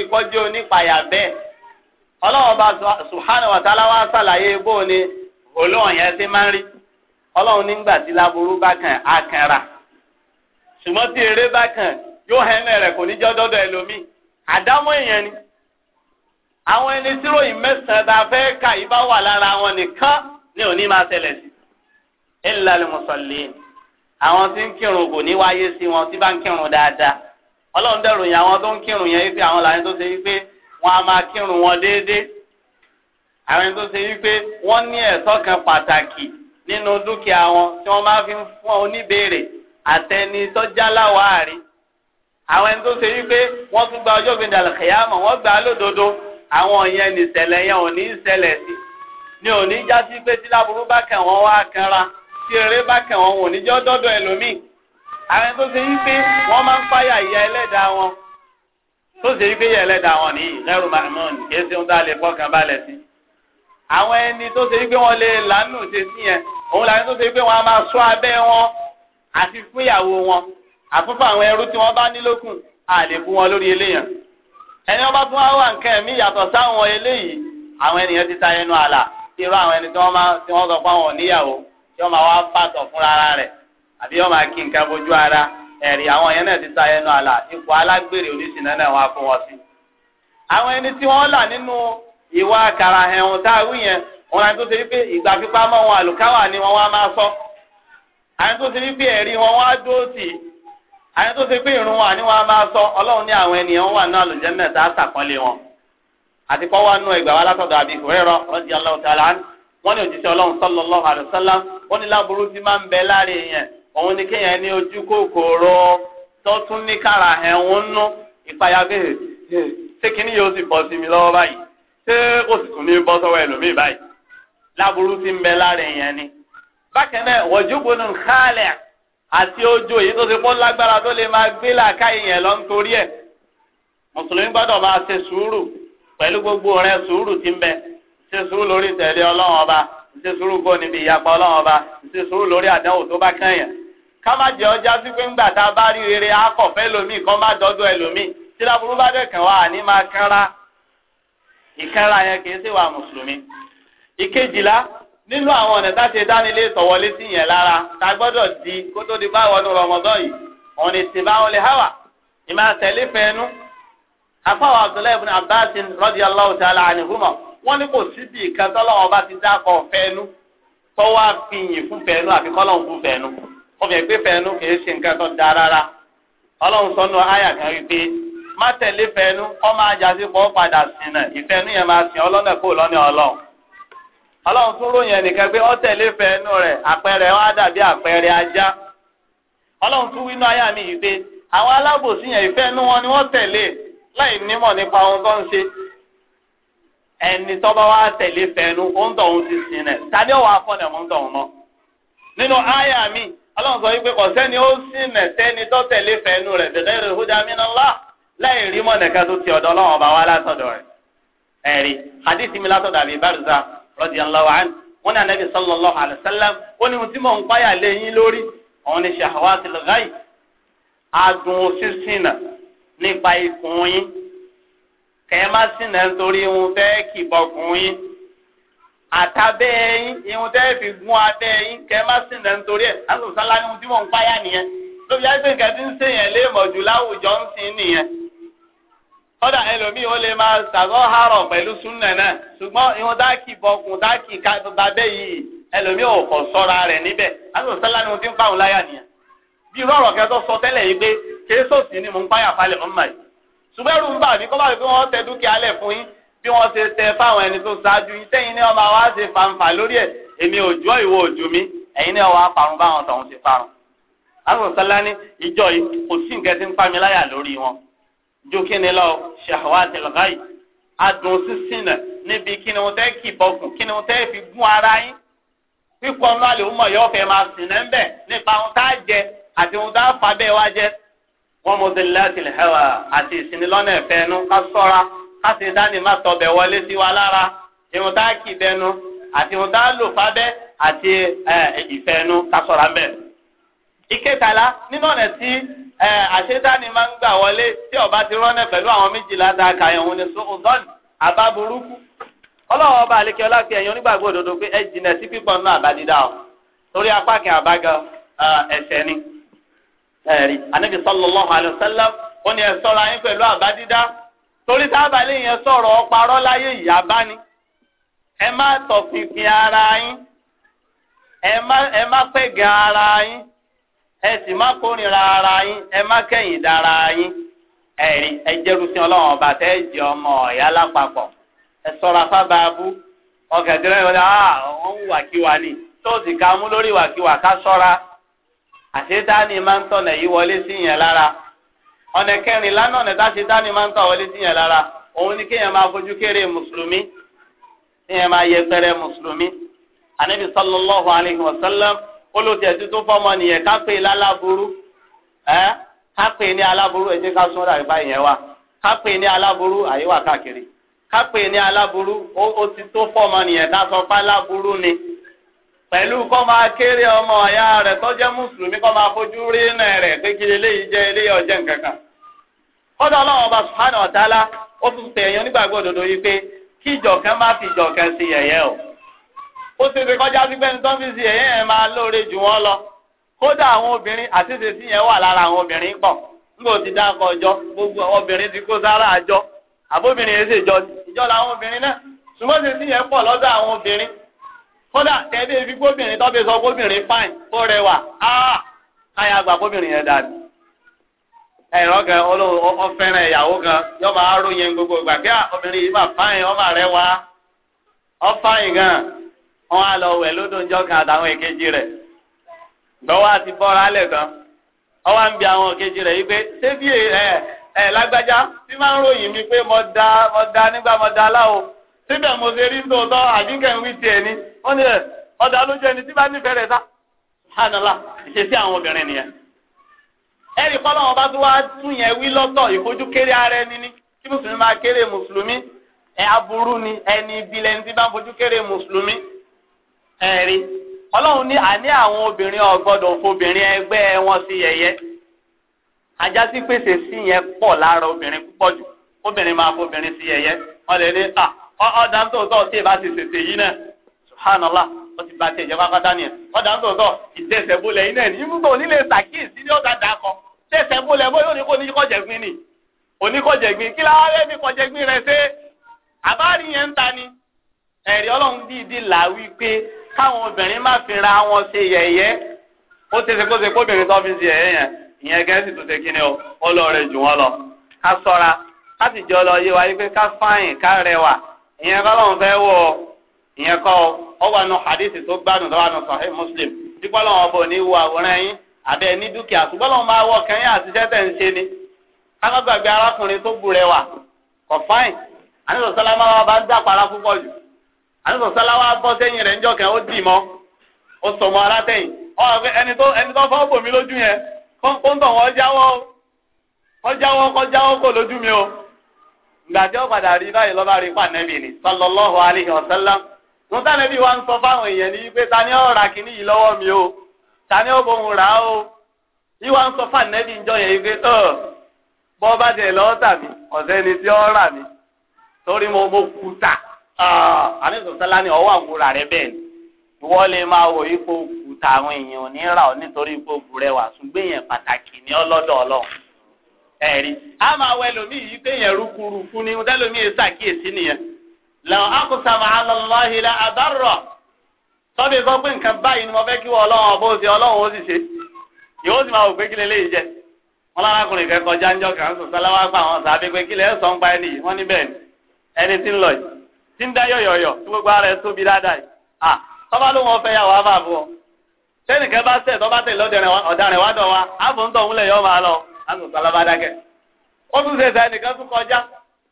ọlọ́wọ́n bá subhanahu wa ta'ala wá sàlàyé bó ni olóhùn yẹn ti máa ń rí ọlọ́run nígbà tí láburú bá kàn á kàn rà ṣùgbọ́n tí eré bá kàn yóò hẹ́nẹ̀ rẹ̀ kò ní jọ́ dọ́dọ̀ ẹlòmíì àdámọ́ èèyàn ni àwọn ẹni tí ròyìn mẹ́sàn-án tá a fẹ́ kà yí bá wà lára wọn nìkan ni òní máa ṣẹlẹ̀ sí illa lil musallin àwọn tí ń kírun kò ní wáyé sí wọn tí bá ń kírun dáadáa ọlọ́run dẹ̀ròyìn àwọn tó ń kírun yẹn wípé àwọn làwọn tó ṣe wípé wọn a máa kírun wọn déédéé àwọn ẹni tó ṣe wípé wọ́n ní ẹ̀tọ́ kan pàtàkì nínú dúkìá wọn tí wọ́n máa fi ń fún oníbèrè àtẹni tọ́jáláwà rí àwọn ẹni tó ṣe wípé wọ́n tún gba ọjọ́ gbẹ̀dẹ̀ àlùkìyàmọ̀ wọ́n gbà lódodo àwọn yẹn nìṣẹ̀lẹ̀ yẹn ò ní í ṣẹlẹ̀ sí ni ò ní já sí pé tí láburú bá kàn wọ́n wá kanra tí eré bá kàn wọ́n ò ní jọ́ dọ́dọ̀ ẹlòmíì àwọn ẹni tó ṣe wípé wọ́n máa ń fáyà ìyá ẹlẹ́dàá wọn tó ṣe wípé yẹ ẹlẹ́dàá wọn ní ìrẹ́rù mahmoud kìí ṣe ń dá lè fọkàn balẹ̀ sí. àwọn ẹni tó ṣe wípé wọn lè lánàá ṣe sí yẹn òun làwọn tó ṣe wípé wọn á máa ṣọ́ abẹ́ wọn àti fún ìyàwó wọn àfúnfún àwọn ẹrú tí wọ́n bá ní lókun àlè fún wọn lórí eléyàn. ẹni wọn bá tún wá nǹkan ẹ̀mí yàtọ̀ sáwọn eléyìí àwọn ènìyàn ti ta ẹnu àlà irú àwọn ẹni tí wọ́n sọ fún àwọn oníyàwó tí wọ́n máa wá bàtọ̀ fúnra rẹ̀ àbí wọ́n máa kí nǹkan bójú ara ẹ̀rí àwọn yẹn náà ti ta ẹnu àlà ipò alágbèrè oníṣìnà náà fún wọn sí. àwọn ẹni tí la là nínú ìwà ehun ẹ̀hún tá a wí yẹn wọn àti tó ṣe wípé ìgbà wọn àlùkáwà ni wọn wá máa sọ. àti tó ṣe wípé ẹ̀rí wọn wá dúró tì í. àti tó ṣe pé wọn àní wọn máa sọ ọlọ́run ní àwọn wà náà lòjẹ́ mẹ́ta àtàkọ́lé wọn. àti kọ́ wá nú wa látọ̀dọ̀ òun ni kéèyàn ní ojú kòkòrò tọ́tún ní kára ẹ̀hún nú ìpayà bẹ́ẹ̀ ṣé kíní yóò sì bọ́ sí mi lọ́wọ́ báyìí ṣé kò sì tún ní bọ́ sọ́wọ́ ẹlòmíì báyìí láburú ti ń bẹ lára èèyàn ni. bákan náà wọ́jú gbónú nkálẹ̀ àti ojú èyí tó ti pọ́ lágbára tó lè máa gbé làákà èèyàn lọ nítorí ẹ̀ mùsùlùmí gbọ́dọ̀ máa ṣe sùúrù pẹ̀lú gbogbo rẹ̀ sùúrù ti ń bẹ ṣe sùúrù lórí tẹ̀lé ọlọ́run ọba ṣe sùúrù gbọ́ níbi ìyapa ọlọ́run ọba ṣe sùúrù lórí àdánwò tó bá kàn yẹn ká má jẹ́ ọjà sí pé ńgbà tá a bá rí rere akọ̀ fẹ́ lómi kan má dọ́dọ̀ ẹ lómi tí láburú bá dẹ̀ kàn wá àní máa kánra ìkánra yẹn kì í sì wà mùsùlùmí. ìkejìlá nínú àwọn ọ̀nà tá a ṣe dánilé ìtọ̀wọlé sí yẹn lára tá a gbọ́dọ̀ di kó tó di báwọn ní rọmọdọ́ yìí ọ̀nà ìtìbá wọn lè háwà ìmọ̀ àtẹ̀lé fẹ́ẹ́nu. afáwọn abdullahi ibn abbas radiyallahu ta'ala anhuma wọ́n ní kò síbi ìkan tọ́lọ́wọ́n bá ti dákọ̀ fẹ́ẹ́nu tọ́wọ́ àfihàn fún obìnrin pé fẹ́ẹ́nu kì í ṣe nǹkan tó da rárá ọlọ́run sọ́nù àyà kan wípé má tẹ̀lé fẹ́ẹ́nu kọ́ máa jásí pọ̀ padà sínà ìfẹ́ẹ́nu yẹn máa sìn ọlọ́nà kó lọ́nà ọlọ́run ọlọ́run tún ròyìn ẹnìkan pé ó tẹ̀lé fẹ́ẹ́nu rẹ̀ àpẹẹrẹ wa dàbí àpẹẹrẹ ajá ọlọ́run tún wínú àyà mi wípé àwọn alábòsí yẹn ìfẹ́ẹ́nu wọn ni wọ́n tẹ̀lé láì nímọ̀ nípa ohun tó ń ṣe ẹni tọ́ba wa tẹ̀lé fẹ́ẹ́nu ó ń tọ̀hún ti sìn ọlọ́run sọ wípé kọ̀sẹ́ni ó sì mẹ̀sẹ́ni tó tẹ̀lé fẹ́nu rẹ̀ tẹ̀lé rẹ̀ húdà mínàlá láì rí mọ̀nẹ̀ká tó ti ọ̀dọ̀ ọlọ́run ọba wa látọ̀dọ̀ rẹ̀ ẹ̀rí hadith mi látọ̀dọ̀ àbí barza radiyallahu anhu wọn ní anabi sallallahu alayhi wa sallam ó ní ohun tí mò ń páyà lé lórí òun ni shahawatil ghayb adùn sísìnà nípa ikùn yín kẹ́ẹ́ má nítorí òun fẹ́ kìbọ̀kùn yín àtàbẹ́yìn irun tẹ́ fi gún abẹ́yìn kẹ́ má sì nà nítorí ẹ̀ àtúntò sálá ni ohun tí mò ń páyà nìyẹn lóbi á gbé nǹkan tí ń sèyàn léèmọ̀ jù láwùjọ ń sìn nìyẹn kódà ẹlòmíì ó lè máa ṣàgọ́hárọ̀ pẹ̀lú súnà náà ṣùgbọ́n irun dákì bọkùn dákì babẹ́ yìí ẹlòmíì ò kọ̀ sọ́ra rẹ̀ níbẹ̀ àtúntò sálá ni ohun tí ń pàwọn láyà nìyẹn bí irú ọ̀rọ̀ kẹtọ́ sọ tẹ́lẹ̀ yìí pé kéésòsì bí wọ́n ṣe tẹ fáwọn ẹni tó ṣáájú yín sẹ́yìn ní wa ṣe fanfà lórí ẹ̀ èmi ò jọ ìwọ òjò mi ẹ̀yin ní ọwọ́ aparun báwọn tọ̀hún ṣe parun. alùsọ̀lá ní ìjọ yìí kò sí nǹkan tí ń pa mi láyà lórí wọn. ju kí ni lọ ṣàwádìí lọ́gá yìí adùn sísìn náà níbi kí ni wọ́n tẹ́ kì bọ́kùn kí ni wọ́n tẹ́ fi gún ara yín. pípọ̀ ọmọ àlè ọmọ yóò fẹ́ máa sìn náà ń nípa ohun tá a jẹ àti ohun tá a fà bẹ́ẹ̀ wá jẹ. wọ́n mú káṣí dání má tọbẹ̀ wọlé sí wa lára irun tá a kì bẹnu àti irun tá a lò fábẹ́ àti ìfẹ́nu kásọ̀rọ̀ abẹ́. ìkẹtàlá nínú ọ̀nà tí àṣetáni máa ń gbà wọlé tí ọba ti rọ́nẹ̀ pẹ̀lú àwọn méjìlá tá a kà yẹn òun ni sọ́ọ̀dọ́nì àbá burúkú. ọlọ́wọ́ ọba àlekẹ́ ọlápẹ́ ẹ̀yàn onígbàgbọ́ òdodo pé ẹ jìnà sí pípọ̀ nínú àbá dídá o torí apá kẹ́ àbága ẹ̀ṣẹ̀ ni. ẹ̀rí anábì sallallahu ó ní ẹ̀ sọ́ra yín pẹ̀lú àbá dídá torí tábàlẹ̀ yẹn sọ̀rọ̀ ọparọ́ láyé ìyá bá ní ẹ má tọ̀pinpin ara yín ẹ má ẹ ara yín ẹ sì má kórìíra ara yín ẹ má kẹ̀yìn dára yín ẹ̀rí ẹ jẹ́rùsí ọlọ́run ọba tẹ́ ọmọ ọ̀yá lápapọ̀ ẹ sọ̀rọ̀ tí wọ́n yọ ni tó sì mú lórí ká sọ́ra ń yìí wọlé sí yẹn lára. ọ̀nà kẹrin lánà ọ̀nà táṣe dání máa ń tọ̀ wọlé síyàn lára òun ni kéèyàn máa fojú kéré mùsùlùmí kéèyàn máa yẹpẹrẹ mùsùlùmí anabi sallallahu alayhi wa sallam olùtí ẹtí tó fọmọ nìyẹn kápẹ́ lálábúrú ẹ kápẹ́ ní aláburú ẹ jẹ́ ká súnra ìbá yẹn wa kápẹ́ ní aláburú àyíwá káàkiri kápẹ́ ní aláburú ó ti tó fọmọ nìyẹn ká sọ pé aláburú ni. pẹ̀lú kọ́ máa kéré ọmọ ọ̀yá rẹ̀ tọ́jẹ́ mùsùlùmí kọ́ máa fojú rí iná rẹ̀ pé kí eléyìí jẹ́ eléyìí ọ̀jẹ̀ nkankan. kọ́dọ̀ ọlọ́run ọba Atala, ó tún tẹ nígbàgbọ́ òdodo yìí pé kí fi ìjọ̀kẹ́ sí yẹ̀yẹ́ o. ó ti fi kọjá sí pé ní tó ń fi sí yẹ̀yẹ́ yẹn máa lóore jù wọ́n lọ. kódà àwọn obìnrin àti ìṣesí yẹn wà kódà tẹ̀lé fi gómìnrin tọ́bi sọ gómìnrin fáìn ó rẹwà áá káyà àgbà gómìnrin yẹn dàbí. ẹ̀rọ kan ọ̀fẹ́ràn ìyàwó kan yóò máa yẹn gbogbo ìgbà kí obìnrin yìí máa fáìn ó máa gan wọn á lọ lódò kan àtàwọn èkejì rẹ̀ gbọ́wọ́ àti bọ́ra lẹ̀ tán wọ́n wá ń bi àwọn èkejì ẹ ẹ lágbájá bí máa ń ròyìn mi pé mo mo síbẹ̀ mo ṣe rí ń tòótọ́ ń wí wọ́n ní ọ̀dà ló jẹ́ tí bá nífẹ̀ẹ́ rẹ̀ sá hànàlá àwọn obìnrin nìyẹn. bá tún wá tún yẹn wí lọ́tọ̀ ìfojú kéré ara ẹni kí mùsùlùmí máa kéré ni ẹni tí bá ń fojú kéré wọn sí ajá sí pèsè sí yẹn pọ̀ lára obìnrin púpọ̀ jù obìnrin máa fobìnrin sí ọ̀dà tó tọ̀ tí ìbá ti tètè yìí náà subhanallah ó ti ba tẹ̀ jẹ́ pápátá nìyẹn ọ̀dà tó tọ̀ ìdẹ́sẹ̀ bólẹ̀ yìí náà ní ibùdó onílé sàkíyèsí ní ọ̀dà dàkọ tẹ̀sẹ̀ bóyá oníkó oníkọ̀jẹ̀gbin ni oníkọ̀jẹ̀gbin kí láwárẹ́ mi kọ̀jẹ̀gbin rẹ̀ ṣe àbárí yẹn ń ta ni ẹ̀rí ọlọ́run dìídì là wí pé káwọn obìnrin má fi ra wọn ṣe yẹ̀yẹ́ ó ti ṣe kó ṣe kó obìnrin tó fi ṣe yẹ̀yẹ́ yẹn ìyẹn gẹ́sì tó ṣe kí ni o ó lọ rẹ̀ jù wọ́n lọ ká sọ́ra ká sì jẹ́ lọ yé wa yí pé ká fáyìn ká rẹwà ìyẹn kọ́ lọ́wọ́ fẹ́ wọ̀ ìyẹn kọ́ ọ wà nù hadith tó gbádùn lọ́wọ́ nù Sahih Muslim dípọ́ lọ́wọ́ bò ní wo àwòrán yín àbẹ́ ní dúkìá ṣùgbọ́n lọ́wọ́ máa wọ kẹ́yìn àtiṣẹ́ tẹ̀ ń ṣe ni kákàgbàgbé arákùnrin tó bu rẹwà kọ̀ fáìn àníṣọ́ sálámà wa bá ń dàpara púpọ̀ jù àníṣọ́ sálámà bọ́ sẹ́yìn rẹ̀ ńjọ́ kan ó dì mọ́ ó sọ mọ́ alátẹ̀yìn ẹni tó ẹni tó fọ́ bòmí lójú yẹn kó ń tọ̀ wọ́n jáwọ́ kọjáwọ́ kọjáwọ́ kò lójú mi o gbàdé ọ̀padà rí báyìí lọ́ba rí pa nẹ́bì ni sallallahu alayhi wa sallam wọn tá nẹ́bì wa ń sọ fáwọn èèyàn ní pé ta ni ó ra kíní yìí lọ́wọ́ mi o ta ni ó bóun rà á o yíwa ń sọ fáwọn nẹ́bì ń jọ yẹn pé ọ bọ́ bá dẹ̀ lọ́ọ́ tàbí ọ̀sẹ̀ ni tí ó rà mí torí mo mo kú ta àní sọ̀tẹ́lá ni ọwọ́ àwòrán rẹ bẹ́ẹ̀ ni ìwọ lè máa wò ipò kùtà àwọn èèyàn ò ní rà ọ nítorí ipò ẹ̀rí a máa wọ ẹlòmíì yìí pé yẹn rukuruku ni mo tẹ́lòmíì ṣàkíyèsí nìyẹn làwọn akọ̀sàmà alọ́láhi la àbárọ̀ tọ́bi sọ pé nǹkan báyìí ni mo fẹ́ kí wọ́n ọlọ́run ọ̀bọ̀ òsì ọlọ́run ó sì ṣe yóò sì máa wò pé kí jẹ wọn kẹ kọjá ńjọ sọ pa àwọn sàbí pé kí ẹni yìí ni ẹni tí ń lọ yìí tí ń dá tí gbogbo ara tóbi dáadáa yìí tọ́ba ló wọn fẹ́ sẹ́nìkẹ́ bá àtúntò alábàdákẹ́ ó tún ṣe sẹ́yìn nìkan tún kọjá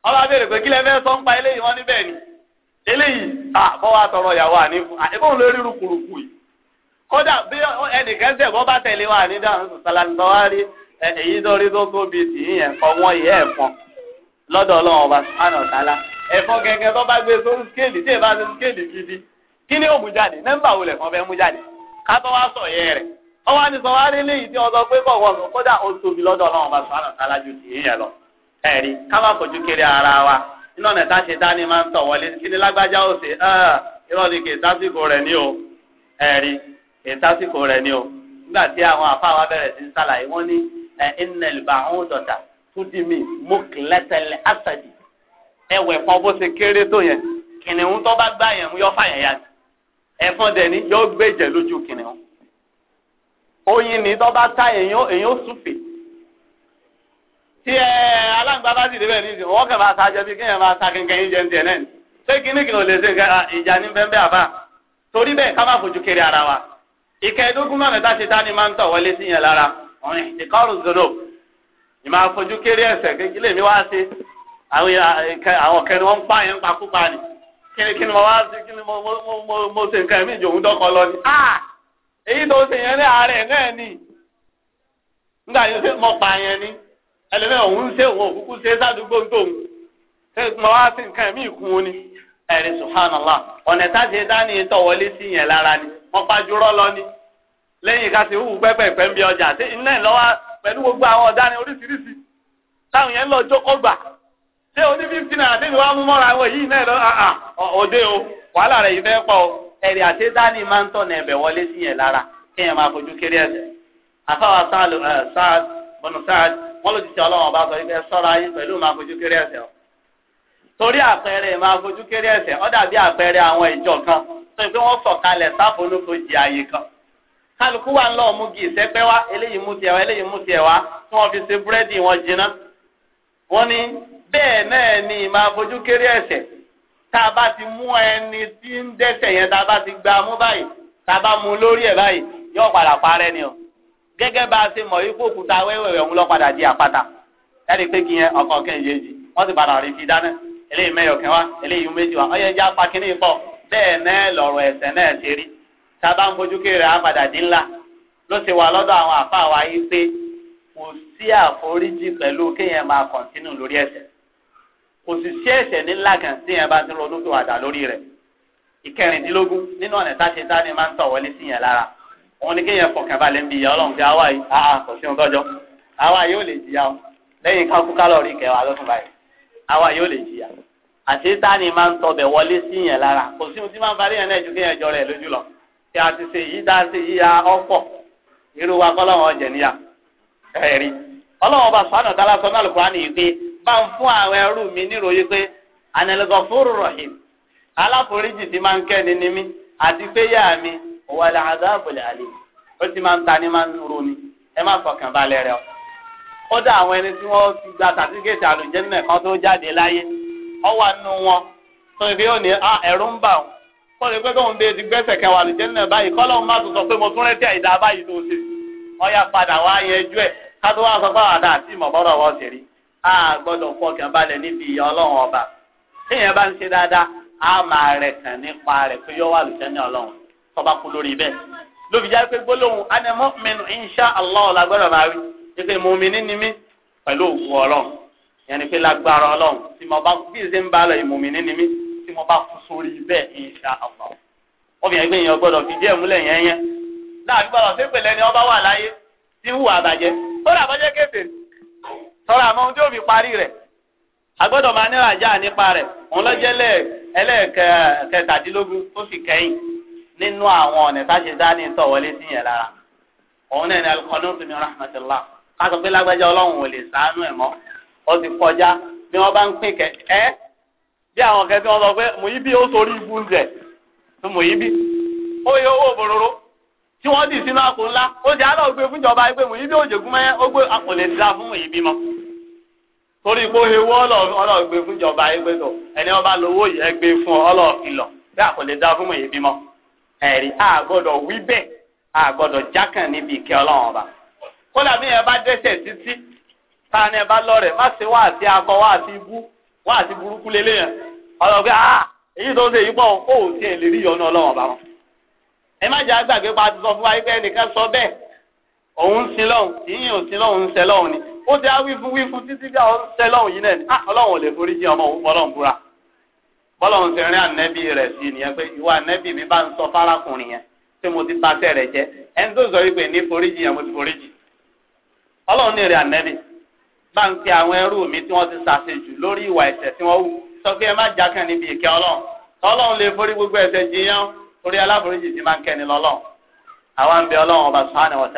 ọba béèrè pé kílẹ̀ fẹ́ sọ ń pa eléyìí wọn níbẹ̀ ni eléyìí àbọ̀ wa tọrọ ìyàwó ànífù àìbọ̀n lórí rúkúrúkú yìí kódà bí ẹnìkan tẹ̀ bọ́ bá tẹ̀lé wa ní dáhùn sọ̀tàlà ń tọ́wá rí èyí tó rí tó tóbi tì í yẹn kọ́ wọ́n yẹ ẹ̀fọn lọ́dọ̀ ọlọ́run ọba sùpánà ọ̀tàlá ẹ̀fọn gẹ́gẹ́ tó bá gbé sórí skéèlì tí èèbá ti skéèlì gidi kí ni ó mú jáde nọ́mbà wo lẹ̀fọn fẹ́ mú jáde ká tó wá sọ rẹ̀ ọwọ́ àti sọ rí léyìí tí wọ́n sọ pé kọ̀wọ́ lọ kódà ó tóbi lọ́dọ̀ ọlọ́run bá sọ̀rọ̀ sálá ju tì yẹn lọ. ẹ̀rí ká má fojú ara wa nínú ọ̀nà táṣe dání máa ń tọ̀ wọlé kí ni lágbájá ó ṣe irọ́ kì í sásìkò rẹ̀ ní o ẹ̀rí kì í sásìkò rẹ̀ ní o. nígbà tí àwọn àfa wa bẹ̀rẹ̀ sí ń wọ́n ní ìnẹ̀lùbà àwọn dọ̀tà fúdìmí mọ́kìlẹ́tẹ̀lẹ̀ àṣàdì oyin ni tó bá ta èèyàn èèyàn súfè tí ẹ alágbá bá sì débẹ̀ ní ìsìn wọ́n kàn máa ta jẹ bí kéèyàn máa ta kẹ̀kẹ́ yín jẹ ní tiẹ̀ náà ṣé kíní kìnnìún lè ṣe nǹkan ìjà ní bẹ́ẹ̀ àbá torí bẹ́ẹ̀ ká má fojú kiri ara wa ìkẹ́ẹ̀dógún mẹ́ta ṣe ta ni máa ń tọ̀ wọlé sí yẹn lára ọ̀rìn ìkọrù zoro ìmọ̀ àfojú kiri ẹ̀sẹ̀ kékeré mi wá sí àwọn kẹrin wọn ń pààyàn ń pakúpa ni kíni kíni mo wá sí kíni mo mo mo mo ṣe nǹkan mi ìjòhún dọ́kọ lọ ni. Ah! èyí tó ṣe yẹn ní ààrẹ náà ni nígbà yẹn ṣe mọ pa yẹn ni ẹlẹ́mẹ̀ òun ṣe òun òkúkú ṣe sádùúgbò tóun ṣe mọ wá sí nǹkan mí kún un ni ẹ̀rí subhanallah ọ̀nà táṣe dání tọ̀wọ́lé sí yẹn lára ni wọ́n lọ ni lẹ́yìn ká ṣe hùwù pẹ́pẹ́pẹ́ ń bí ọjà ṣe iná ẹ̀ lọ́wọ́ pẹ̀lú gbogbo àwọn ọ̀daràn oríṣiríṣi táwọn yẹn lọ jókòó gbà ṣé oní fífi mú mọ́ra ẹ̀rì àti dání máa ń ẹ̀bẹ̀ wọlé sí yẹn lára kí yẹn máa fojú kéré ẹ̀sẹ̀. àfáwà sáàd bọ̀nù sáàd wọ́n ló ti ọlọ́wọ́n sọ wípé sọ́ra yín pẹ̀lú máa fojú kéré ẹ̀sẹ̀ torí àpẹẹrẹ máa fojú kéré ẹ̀sẹ̀ dàbí àpẹẹrẹ àwọn ìjọ kan tó yẹ pé wọ́n sọ̀kalẹ̀ sáfònúfojì àyè kan kálukú wa ń mú gi ìsẹ́pẹ́ wá tá a bá ti mú ẹni tí ń dẹ́ṣẹ̀ yẹn tá a bá ti gba mú báyìí tá a bá mú lórí ẹ̀ báyìí yóò padà parẹ́ ni o gẹ́gẹ́ bá a ṣe mọ̀ wípé òkúta wẹ́wẹ̀wẹ̀ òun lọ padà di àpáta ẹ̀rí pé kí yẹn ọkàn kẹ́ ìyẹn jì wọ́n ti padà rí fi dáná eléyìí mẹ́yọ̀kẹ́ wá eléyìí méjì wá ọyẹ jẹ́ apá kínní pọ̀ bẹ́ẹ̀ náà lọ̀rọ̀ ẹ̀ṣẹ̀ náà ṣe rí tá a bá ń bójú kéré á padà dín ńlá ló ti wà lọ́dọ̀ àwọn àfa wa yìí pé kò sí àforíjì pẹ̀lú kéèyàn máa kọ̀ntínù lórí ẹ̀ṣẹ̀ kò sì sí ẹ̀ṣẹ̀ ńlá kan tí yẹn bá ti ronú pé wàdà lórí rẹ̀ ìkẹrìndínlógún nínú ọ̀nà táṣe sáni máa ń tọ̀ wọlé sí yẹn lára òun ni kéèyàn fọkàn balẹ̀ ń bi ìyá ọlọ́run pé àwa yìí àá kò sí ohun tọ́jọ́ àwa yóò lè jìyà o lẹ́yìn kákú kálọ̀rì kẹwàá lọ́sùn báyìí àwa yóò lè jìyà àti sáni máa ń tọbẹ̀ wọlé sí yẹn lára kò sí ohun tí máa ń parí yẹn náà ju kéèyàn jọ a ti ṣe yìí dá sí yíya ọ̀pọ̀ irú wa kọ́ ọlọ́run ọ̀jẹ̀ níyà bá ń fún àwọn ẹrú mi níròyìn pé ànàlẹ́gọ̀ fúru rọ̀hìm aláforíjì ti máa ń kẹ́ni ní mí àti pé yá mi wàlẹ̀ àdáàbòlẹ̀ àlè ó ti máa ń ta ní máa ń ro ni ẹ má fọkàn balẹ̀ rẹ o. kódà àwọn ẹni tí wọ́n ti gba sàtífíkẹ́tì àlùjẹ́nà kan tó jáde láyé ọ wà nù wọn tó ibi ó ní ah, ẹ̀rú ń bà wọn kọ́ ni pé tóun dé ti gbẹ́sẹ̀ kẹwàá àlùjẹ́nà báyìí kọ́ lóun má tún sọ pé mo tún rẹ́tí àìdá báyìí tó ṣe ọyà padà wá yẹn jú ẹ̀ ká tó wá sọ pé àdá àti ìmọ̀ bọ́rọ̀ wọ́n ṣe rí a gbọ́dọ̀ fọkàn balẹ̀ níbi ìyá ọlọ́run ọba téèyàn bá ń ṣe dáadáa a máa rẹ̀ kàn nípa rẹ̀ pé yọ wà lùtẹ́ ní ọlọ́run tọ́ba kú lórí bẹ́ẹ̀ lóbi já pé gbólóhùn anamọ́ mẹ́nu insha allah la gbọ́dọ̀ máa rí pé mùmíní ni mí pẹ̀lú òkú ọlọ́run yẹn ni pé lágbára ọlọ́run tí mo bá bí ṣe ń bá lọ ìmùmíní ni mí tí mo bá kú sórí bẹ́ẹ̀ insha allah obìnrin gbé yẹn gbọ́dọ̀ fìdí ẹ̀ múlẹ̀ yẹn yẹn láàbí gbọ́dọ̀ sí pèlè ni ọba wà láyé tí ń hùwà àbàjẹ́ ó rà bọ́jẹ́ kéfèé tọ́ra àmọ́ ohun tí ó fi parí rẹ̀ agbọ́dọ̀ máa níra ajá nípa rẹ̀ òun lọ́jẹ́ ẹlẹ́ẹ̀kẹtàdínlógún tó sì kẹ́yìn nínú àwọn ọ̀nà táṣe dání tọ̀ sí yẹn lára òun náà ni alukọ́nù tó mi rahmatulah ká sọ pé lágbájá ọlọ́run ò lè sàánú ẹ̀ mọ́ ó ti kọjá bí wọ́n bá ń pín kẹ ẹ́ bí àwọn kẹ tí wọ́n sọ pé mùyíbí ó sorí ibú ń jẹ tó mùyíbí ó yẹ owó òbòròró tí wọ́n dì sínú àpò ńlá ó jẹ́ àlọ́ gbé fúnjọba pé mùyíbí òjògùn torí pé ewu ọlọ́ọ̀gbé fún ìjọba ẹgbẹ́ tó ẹni ọba lówó yìí ẹgbẹ́ fún ọlọ́ọ̀filọ̀ bí àkọlé dá fún mòye bímọ ẹ̀rí a gbọ́dọ̀ wí bẹ́ẹ̀ a jákàn níbi ìkẹ́ ọlọ́run ọba kódà bí ẹ bá dẹ́sẹ̀ títí tá a ní ẹ bá lọ́rẹ̀ má ṣe wá àti akọ wá àti ibú wá àti burúkú a ah, èyí tó ń ṣe yìí ó ò tiẹ̀ lè rí ìyọnu ọlọ́run ọba ẹ má jẹ́ pa sọ fún wa pé ẹnìkan sọ bẹ́ẹ̀ òun sin lọ́hùn lọ́hùn ń sẹ lọ́hùn ni ó ti á wífun wífun títí bí àwọn tẹ lọ́hùn yìí náà ni ah, ọlọ́run ò lè forí jì ọmọ òun bọ́lọ́run búra bọ́lọ́run ti rin ànẹ́bí rẹ̀ sí nìyẹn pé ìwà ànẹ́bí mi bá ń sọ fárákùnrin yẹn tí mo ti ba tẹ́ rẹ̀ jẹ́ ẹni tó sọ wípé ní forí jì yẹn mo ti forí jì ọlọ́run ní rẹ̀ ànẹ́bí bá ń pe àwọn ẹrú mi tí wọ́n ti ṣàṣejù lórí ìwà ẹ̀ṣẹ̀ tí wọ́n wù sọ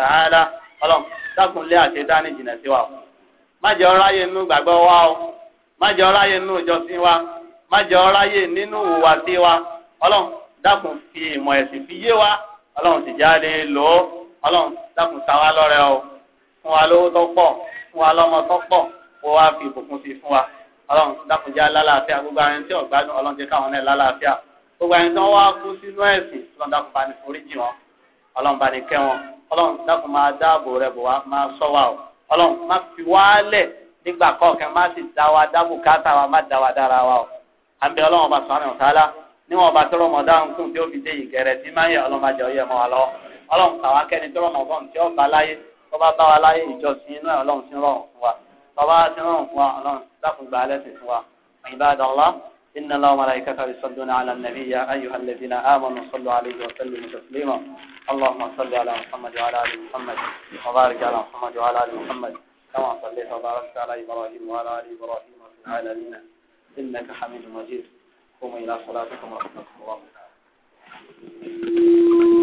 pé ẹ dání jìnnà sí wa o má jẹ́ ọ̀ráyè nínú gbàgbọ́ wa o má jẹ́ ọ̀ráyè nínú ìjọsìn wa má jẹ́ ọ̀ráyè nínú ìhùwàsí wa ọlọ́run dákun fi ìmọ̀ ẹ̀sìn fi yé wa ọlọ́run sì jáde lò ó ọlọ́run dákun ta wá lọ́rẹ́ o fún wa lówó tó pọ̀ fún wa lọ́mọ tó pọ̀ kó wa fi ìbùkún sí fún wa ọlọ́run dákun já lálàáfíà gbogbo àwọn ẹni tí ọ̀gbádùn ọlọ́run jẹ́ káwọn náà lálàáfíà gbogbo àwọn ẹni tí wọ́n wá kú sínú ẹ̀sìn ọlọ́run dákun bá ní foríjì wọn ọlọ́run bá ní kẹ́ wọn ọlọ́run dákun máa dáàbò rẹ̀ bò wá máa ṣọ́ wa o ọlọ́run má fi wálẹ̀ nígbà kọ̀ọ̀kan má sì dá wa dá bùkátà wa má dá wa dára wa o à ń bẹ ọlọ́run ọba sọ̀rọ̀ ọ̀tá la níwọ̀n ọba tó rọmọdáhùn tún tí ó fi dé ìgẹ̀rẹ̀ tí máa ń yẹ ọlọ́run àjọ yẹ mọ́ wa lọ ọlọ́run tàwa kẹ́ni tó rọmọdán tí ó láyé tó bá wa láyé ìjọsìn inú ẹ̀ ọlọ́run ti fún wa bàbá ti rọrùn fún wa ọlọ́run dákùn gbà á lẹ́sìn fún wa ìbádọ́lá إن الله وملائكته يصلون على النبي أيها الذين آمنوا صلوا عليه وسلموا تسليما اللهم صل على محمد وعلى آل محمد وبارك على محمد وعلى آل محمد كما صليت وباركت على إبراهيم وعلى آل إبراهيم وفي العالمين إنك حميد مجيد قوموا إلى صلاتكم ورحمة الله تعالى